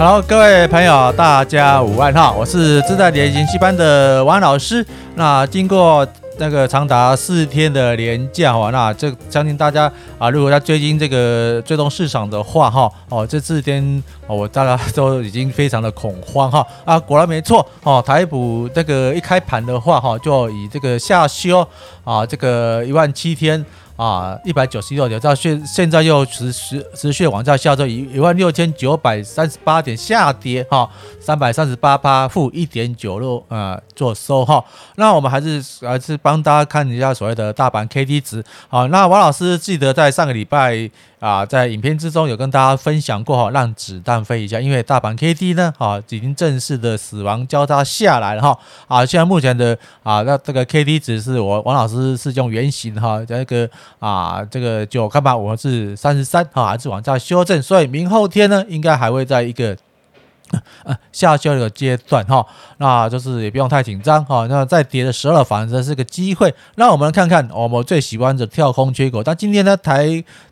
Hello，各位朋友，大家午安哈，我是自在理財研習班的王老師。那經過那個長達四天的連假，哈，那這相信大家啊，如果在最近這個追蹤市場的話，哈，哦，這四天、哦、我大家都已經非常的恐慌，哈，啊，果然沒錯，哦，台股這個一開盤的話，哈、哦，就以這個下修啊，這個一萬七天。啊，一百九十六點，到現現在又持持持續往下下，周一一萬六千九百三十八點下跌哈，三百三十八八，負一點九六呃做收哈、哦。那我們還是還是幫大家看一下所謂的大盤 K D 值好、哦，那王老師記得在上個禮拜啊，在影片之中有跟大家分享過哈、哦，讓子彈飛一下，因為大盤 K D 呢哈、哦，已經正式的死亡交叉下來了哈、哦。啊，現在目前的啊，那這個 K D 值是我王老師是用圓形哈，在、哦、一、這個。啊這個就看吧，我們是三十三，還是往下修正？所以明後天呢，應該還會在一個呃， 下修的階段哈，那就是也不用太緊張哈。那在跌的時候，反正是個機會。那我們看看，我們最喜歡的跳空缺口。那今天呢，台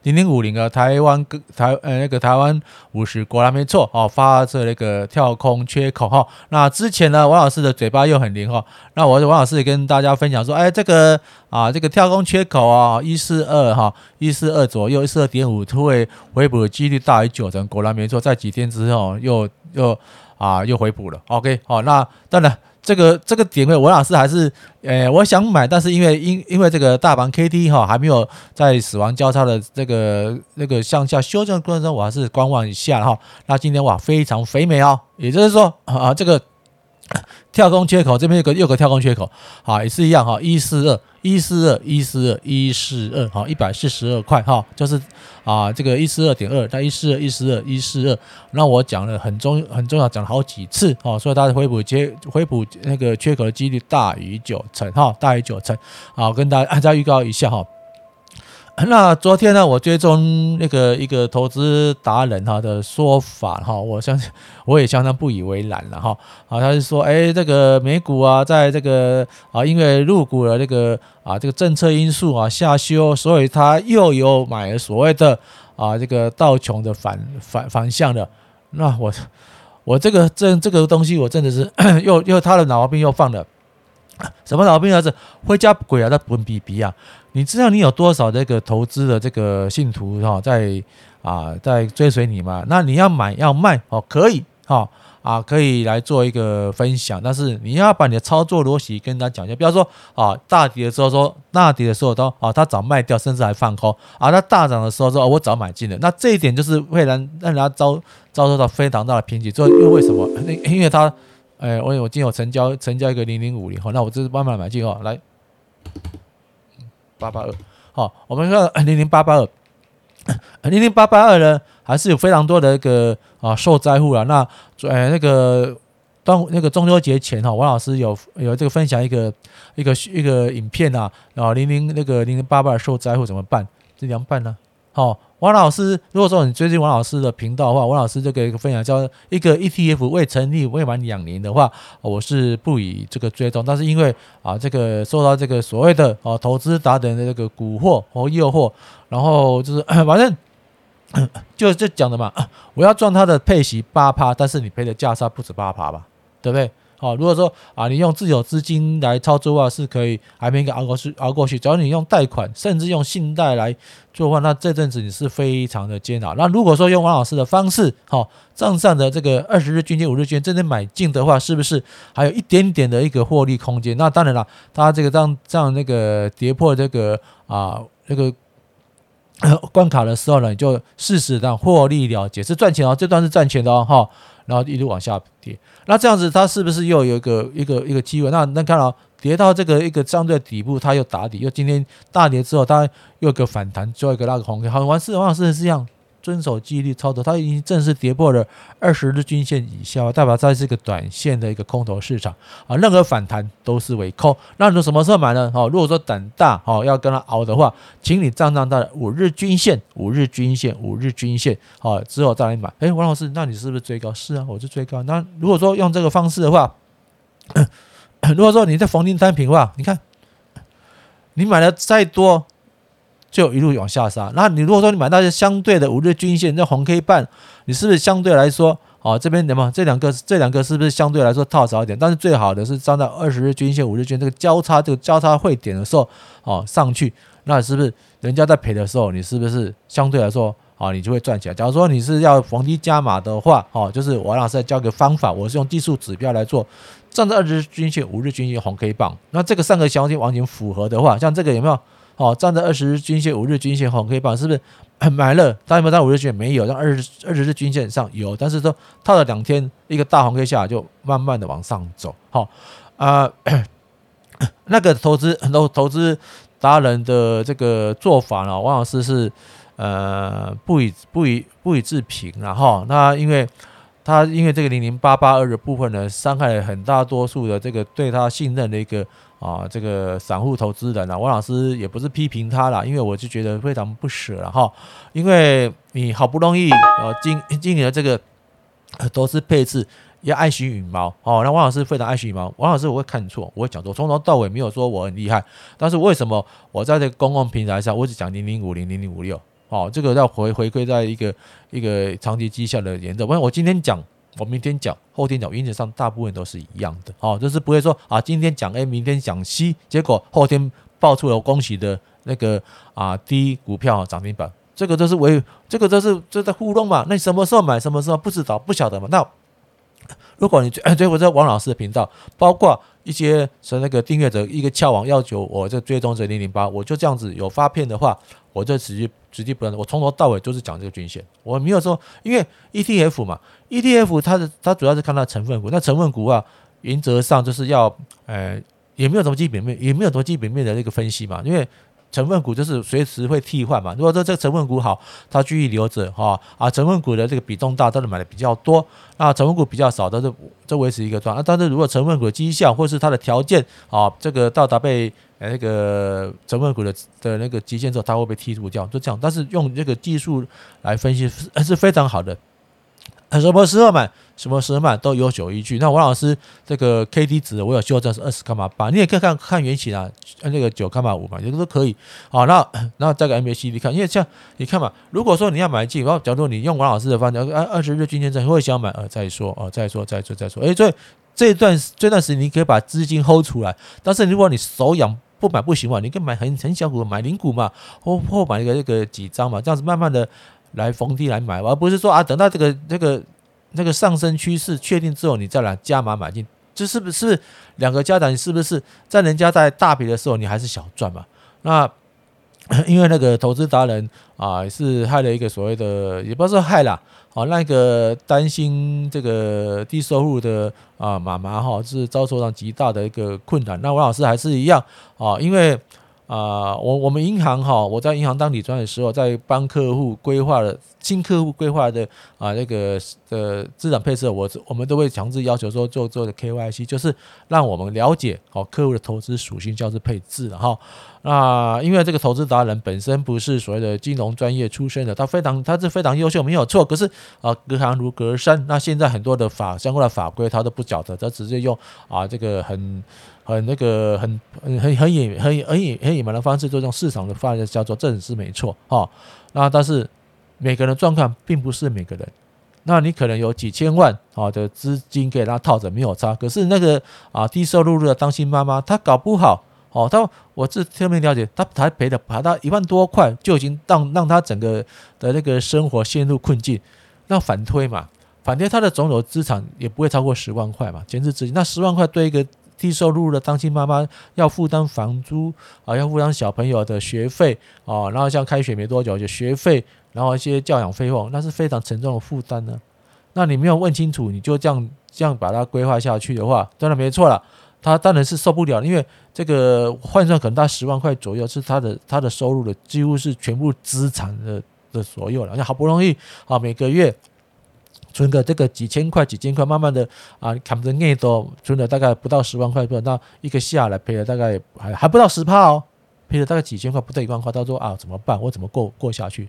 零零五零啊，台灣台呃那個台灣五十果然沒錯哦，發射那個跳空缺口哈。那之前呢，王老師的嘴巴又很靈哈。那我王老師也跟大家分享說，哎，這個啊，這個跳空缺口啊，一四二哈，一四二左右，一四二點五，突圍回補的幾率大於九成，果然沒錯，在幾天之後又。又啊，又回補了。OK，好、哦，那當然，這個這個點位，王老師還是，呃、欸，我想買，但是因為因因為這個大盤 K D 哈還沒有在死亡交叉的這個那、這個向下修正過程中，我還是觀望一下哈、哦。那今天哇非常肥美哦，也就是說啊這個。跳空缺口這邊有個又有個跳空缺口，好，也是一樣哈，一四二一四二一四二一四二，哈，一百四十二塊哈，就是啊，這個一四二點二，它一四二一四二一四二，那我講了很重很重要，講了好幾次哈，所以它的回補缺回補那個缺口的幾率大於九成哈，大於九成，好，跟大家預告一下哈。那昨天呢，我追蹤那個，一個投資達人哈的說法哈，我相信我也相當不以為然了哈。啊，他是說，誒，這個美股啊，在這個啊，因為陸股了這個啊，這個政策因素啊下修，所以他又有買所謂的啊這個道瓊的反反反向的。那我我這個這這個東西，我真的是又又他的毛病又犯了，什麼毛病啊？是回家鬼啊？他不逼逼啊？你知道你有多少這個投資的這個信徒哈，在啊在追隨你嘛？那你要買要賣哦，可以哈啊，可以來做一個分享。但是你要把你的操作邏輯跟他講一下，比方說啊，大跌的時候說大跌的時候說啊，他早賣掉，甚至還放空啊；他大漲的時候說我早買進了。那這一點就是會讓讓人家遭遭受到非常大的抨擊，就因為，為什麼？因為他誒，我我今天有成交成交一個零零五零，那我就是慢慢買進哦，來。八八二，好，我們說零零八八二，零零八八二呢，還是有非常多的一個啊受災戶啊。那呃、哎、那個端午那個中秋節前哈，王老師有有這個分享一個一個一個影片，啊，然後零零那個零零八八二受災戶怎麼辦？這涼拌呢，好。王老師，如果說你最近王老師的頻道的話，王老師就給一個分享一下，叫一個 ETF 未成立未滿兩年的話，我是不以這個追蹤。但是因為啊，這個受到這個所謂的啊投資達人的這個蠱惑和誘惑，然後就是、呃、反正、呃、就就講的嘛，呃、我要賺他的配息八趴，但是你賠的價差不止八趴吧，對不對？好，如果說啊，你用自有資金來操作的話，是可以還沒有熬過去，熬過去。只要你用貸款，甚至用信貸來做的話，那這陣子你是非常的煎熬。那如果說用王老師的方式，好，賬上的這個二十日均線、五日均線真正買進的話，是不是還有一點點的一個獲利空間？那當然了，它這個當這樣那個跌破這個啊那個關卡的時候呢，你就適時的獲利了結，是賺錢哦。這段是賺錢的哦、哈。然後一路往下跌，那這樣子它是不是又有一個一個一個機會？那那看到、啊、跌到這個一個相對底部，它又打底。又今天大跌之後，它又有個反彈，做一個那個紅 K。好完事，好完事是這樣。遵守紀律操作，它已經正式跌破了二十日均線以下，代表在這個短線的一個空頭市場啊，任何反彈都是為空。那你說什麼時候買呢？哦，如果說膽大哦，要跟它熬的話，請你站上它的五日均線、五日均線、五日均線哦之後再來買。誒，王老師，那你是不是追高？是啊，我是追高。那如果說用這個方式的話，如果說你在逢低單品的話，你看你買的再多，就一路往下殺。那你如果說你買到一些相對的五日均線，那紅 K 棒，你是不是相對來說，哦，這邊什麼這兩個，這兩個是不是相對來說套少一點？但是最好的是站在二十日均線、五日均線這個交叉，這個交叉匯點的時候，哦，上去，那是不是人家在賠的時候，你是不是相對來說，哦，你就會賺錢？假如說你是要逢低加碼的話，哦，就是王老師再教個方法，我是用技術指標來做，站在二十日均線、五日均線紅 K 棒，那這個三個條件完全符合的話，像這個有沒有？好、哦，站在二十日均線、五日均線，紅黑以是不是、呃、買了？當然沒，沒有，在五日線沒有，在二十二十日均線上有，但是說套了兩天，一個大紅 K 線就慢慢的往上走。好、哦，啊、呃，那個投資很多投，投資達人的這個做法呢，王老師是呃不予不予不予，不予置評了、啊、哈、哦。那因為他因為這個零零八八二的部分呢，傷害了很大多數的這個對他信任的一個。啊，這個散戶投資人啊，王老師也不是批評他了，因為我就覺得非常不捨了哈。因為你好不容易，呃、啊，經經歷了這個都是配置，要愛惜羽毛哦。那王老師非常愛惜羽毛，王老師我會看錯，我會講錯，從頭到尾沒有說我很厲害。但是為什麼我在這個公共平台上，我只講零零五零零零五六？哦，這個要回回歸在一個一個長期績效的原則。不然我今天講。我明天講，後天講，原則上大部分都是一樣的，哦，就是不會說啊，今天講 A，明天講 C，結果後天爆出了恭喜的那個啊 D 股票漲停板，這個都是違，這個都、就是就在糊弄嘛，那你什麼時候買，什麼時候不知道不曉得嘛？那如果你追追過這王老師的頻道，包括一些是那個訂閱者一個翹王要求我，我就追蹤這零零八，我就這樣子有發片的話，我就直接。實際不然，我從頭到尾就是講這個均線，我沒有說，因為 ETF 嘛，ETF 它的它主要是看它的成分股，那成分股啊，原則上就是要，呃，也沒有什麼基本面，也沒有什麼基本面的那個分析嘛，因為成分股就是隨時會替換嘛。如果說這個成分股好，它繼續留着哈，啊，成分股的這個比重大，都是買的比較多，那成分股比較少，但是這維持一個狀態。但是如果成分股的績效或是它的條件啊，這個到達被。誒，那個成分股的的那個極限之後，它會被剔除掉，就這樣。但是用這個技術來分析還是非常好的。什麼時候買，什麼時候賣，都有久依據。那王老師這個 K D 值，我有修正是二十槓八八，你也可以看看原起啊，那個九槓五嘛，也、這個、都是可以。好，那那再給 M A C D 看，因為像你看嘛，如果說你要買進，然後假如你用王老師的方法，二二十日均線再會想買呃，呃，再說，呃，再說，再說，再說，誒、欸，哎，這這段這段時間你可以把資金 hold 出來，但是如果你手癢。不買不行嘛，你可以買很很小股，買零股嘛，或或買一個那個幾張嘛，這樣子慢慢的來逢低來買，啊，而不是說啊等到這個這個那個上升趨勢確定之後你再來加碼買進，這是不是兩個家長，是不是在人家在大筆的時候你還是小賺嘛？那因為那個投資達人啊是害了一個所謂的，也不是說害啦。啊，那個擔心這個低收入的啊媽媽哈，是遭受到極大的一個困難。那王老師還是一樣啊，因為。啊、呃，我我們銀行哈，我在銀行當理專的時候，在幫客戶規劃的，新客戶規劃的啊，那、呃這個呃資產配置，我我們都會強制要求說做做的 K Y C，就是讓我們了解好、呃、客戶的投資屬性，叫做配置的、啊、哈。那、呃、因為這個投資達人本身不是所謂的金融專業出身的，他非常他是非常優秀，沒有錯。可是啊、呃，隔行如隔山。那現在很多的法相關的法規，他都不曉得，他直接用啊、呃、這個很。很那個很很很隱很很隱很隱瞞的方式做這種市場的方式叫做正視沒錯哈，那但是每個人狀況並不是每個人，那你可能有幾千萬啊的資金給他套着沒有差，可是那個啊低收入的單親媽媽她搞不好哦，他我這側面了解，他才賠的把他一萬多塊就已經讓讓他整個的那個生活陷入困境。那反推嘛，反推他的總有資產也不會超過十萬塊嘛，閒置資金那十萬塊對一個。低收入的單親媽媽要負擔房租啊，要負擔小朋友的學費啊，然後像開學沒多久就學費，然後一些教養費用，那是非常沉重的負擔呢、啊。那你沒有問清楚，你就這樣這樣把它規劃下去的話，當然沒錯啦。他當然是受不了，因為這個換算可能在十萬塊左右是他的他的收入的幾乎是全部資產的的所有了，像好不容易啊每個月。存個這個幾千塊、幾千塊，慢慢的啊，扛着硬多，存了大概不到十萬塊不到，一個下來賠了大概還還不到十趴哦，賠了大概幾千塊不到一萬塊。他說啊，怎麼辦？我怎麼過過下去？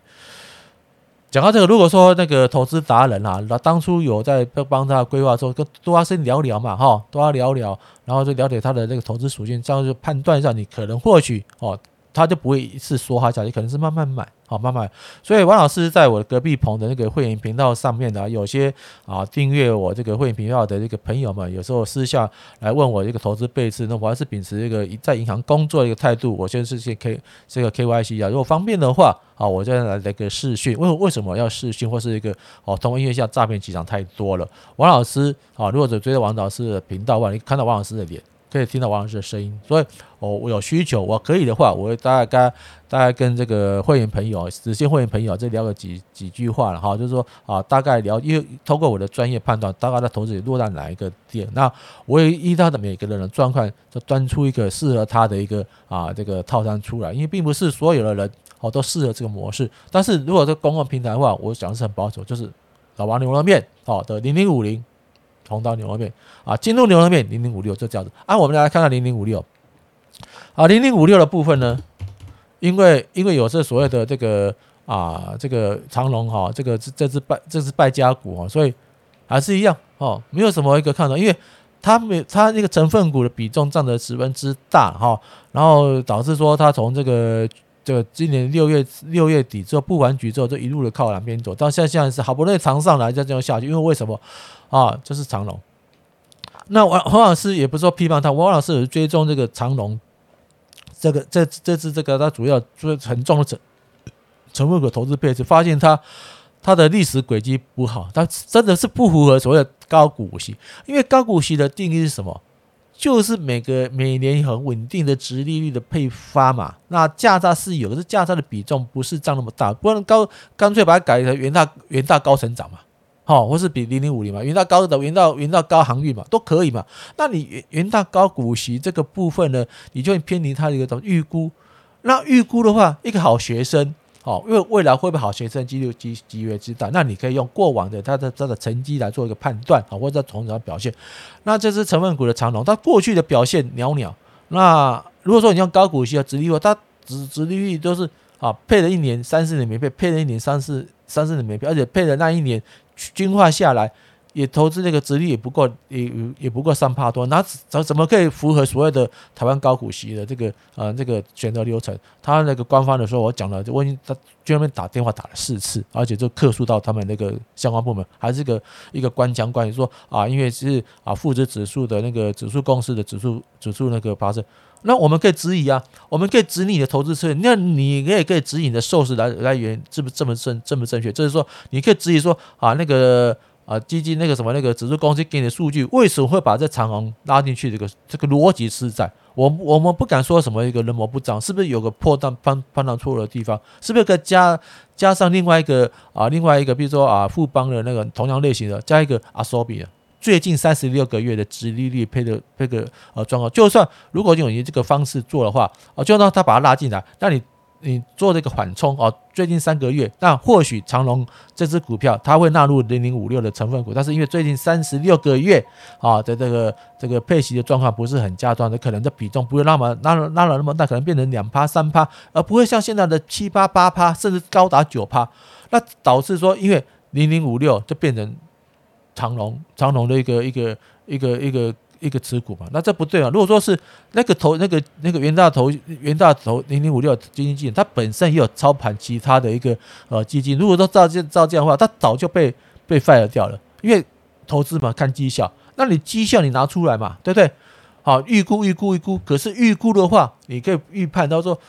講到這個，如果說那個投資達人啊，那當初有在幫他規劃，說跟多拉先聊聊嘛，哈，多拉聊聊，然後就了解他的那個投資屬性，這樣就判斷一下，你可能或許哦。他就不會一次說，他講你可能是慢慢買，好、哦、慢慢。所以王老師在我的隔壁棚的那個會員頻道上面呢、啊，有些啊訂閱我這個會員頻道的這個朋友們，有時候私下來問我這個投資配置，那我還是秉持一個在銀行工作一個態度，我先是去 K 這個 KYC 啊，如果方便的話啊，我再來一個視訊。為為什麼要視訊，或是一個哦，因為現在詐騙集團太多了。王老師啊，如果只追着王老師的頻道的話，你看到王老師的臉，可以聽到王老師的聲音，所以我、哦、我有需求，我可以的話，我會大概大概跟這個會員朋友、直系會員朋友這聊個幾幾句話了哈，就是說啊，大概聊，因為通過我的專業判斷，大概的投資也落在哪一個點，那我也依照的每個人的狀況，就端出一個適合他的一個啊這個套餐出來，因為並不是所有的人哦都適合這個模式，但是如果在公共平台的話，我講的是很保守，就是老王牛肉麵哦的零零五零。銅刀牛肉麵啊，進入牛肉面零零五六，就這樣子啊，我們來看看零零五六啊，零零五六的部分呢，因為因為有這所謂的這個啊，這個長榮哈，這個是這只敗這只敗家股哈，所以還是一樣哦，沒有什麼一個看頭，因為它沒它那個成分股的比重占得十分之大哈、哦，然後導致說它從這個。這個今年六月六月底之後，布完局之後，就一路的靠南邊走。到現在現在是好不容易漲上來，再這樣下去，因為為什麼啊？這是長榮。那王王老師也不是說批判他，王老師有追蹤這個長榮，這個這這次這個他主要最很重的成分的投資配置，發現他他的歷史軌跡不好，他真的是不符合所謂的高股息。因為高股息的定義是什麼？就是每個每年很穩定的殖利率的配發嘛，那價差是有的，是價差的比重不是占那麼大，不然高乾脆把它改成元大元大高成長嘛，好，或是比零零五零嘛，元大高的，元大元大高航運嘛，都可以嘛。那你元元大高股息這個部分呢，你就會偏離它的一個怎麼預估？那預估的話，一個好學生。哦，因為未來會不會好，學生幾率極極為之大。那你可以用過往的他的他的成績來做一個判斷啊，或者從小表現。那這隻成分股的長龍，它過去的表現裊裊。那如果說你用高股息啊、殖利率，它殖殖利率都是啊配了一年、三四年沒配，配了一年，三年，了一年三、三四三四年沒配，而且配的那一年均化下來。也投資那個殖利，也不夠也也不夠三趴多，那怎怎麼可以符合所謂的台灣高股息的這個啊那個選擇流程？他那個官方的時候我講了，就問他居然打電話打了四次，而且就客訴到他們那個相關部門，還是一個一個官腔，關於說啊，因為是啊富時指數的那個指數公司的指數指數那個發生，那我們可以質疑啊，我們可以質疑你的投資策略，那你也可以質疑你的受試來來源，是不是這麼正這麼正確？就是說，你可以質疑說啊那個。啊，基金那個什麼那個指數公司給你的數據，為什麼會把這長虹拉進去？這個這個邏輯是在我們我們不敢說什麼一個人模不長，是不是有個破綻判判斷錯誤的地方？是不是個加加上另外一個啊另外一個，比如說啊富邦的那個同樣類型的，加一個阿索比最近三十六個月的殖利率配的這個呃狀況，就算如果你用這個方式做的話，啊就讓他把它拉進來，那你。你做這個緩衝哦，最近三個月，那或許長榮這支股票它會納入零零五六的成分股，但是因為最近三十六個月啊，在這個這個配息的狀況不是很佳，端的可能的比重不會那麼拉拉了那麼大，可能變成兩趴三趴，而不會像現在的七趴八趴，甚至高達九趴，那導致說，因為零零五六就變成長榮長榮的一個一個一個一個。一個持股嘛，那這不對啊！如果說是那個投那個那個元大投元大投零零五六基金經理，他本身也有操盤其他的一個呃基金。如果說照這樣照這樣的話，他早就被被 fire 掉了，因為投資嘛，看績效，那你績效你拿出來嘛，對不對？好，預估預估預估，可是預估的話，你可以預判到、就是、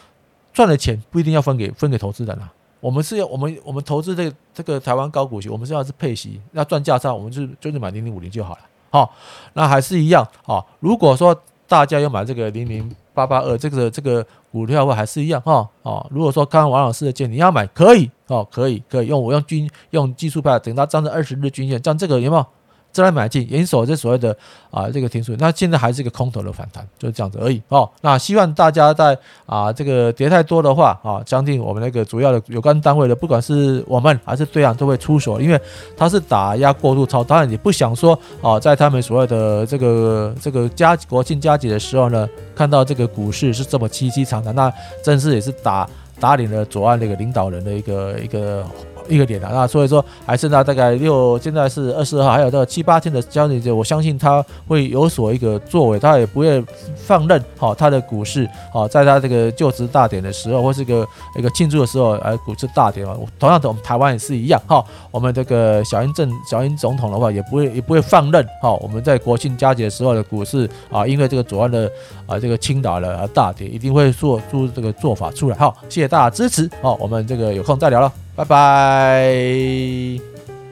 說賺的錢不一定要分給分給投資人啊。我們是要我們我們投資這個這個台灣高股息，我們是要是配息要賺價差，我們就就是買零零五零就好了。好、哦，那還是一樣啊、哦。如果說大家要買這個零零八八二這個這個股票的話，還是一樣哈啊、哦哦。如果說看王老師的建議你要買，可以哦，可以可以用我用均用技術派，等它漲到二十日均線，像這個有沒有？再來買進，嚴守這所謂的啊這個停損。那現在還是一個空頭的反彈，就是這樣子而已哦。那希望大家在啊這個跌太多的話啊，將近我們那個主要的有關單位的，不管是我們還是對岸都會出手，因為它是打壓過度超。當然也不想說啊，在他們所謂的這個這個加國慶佳節的時候呢，看到這個股市是這麼淒淒慘慘，那正是也是打打臉了左岸那個領導人的一個一個。一個點啊，那所以說還是那大概六，現在是二十二號，還有到七八天的交易日，我相信他會有所一個作為，他也不會放任哈。他的股市，哈，在他這個就職大典的時候，或是一個一個慶祝的時候，哎、啊，股市大跌了。同樣，的我們台灣也是一樣哈。我們這個小英政小英總統的話，也不會也不會放任哈。我們在國慶佳節時候的股市啊，因為這個左岸的啊這個青島的大跌，一定會做出這個做法出來。好，謝謝大家支持哦。我們這個有空再聊了。拜拜。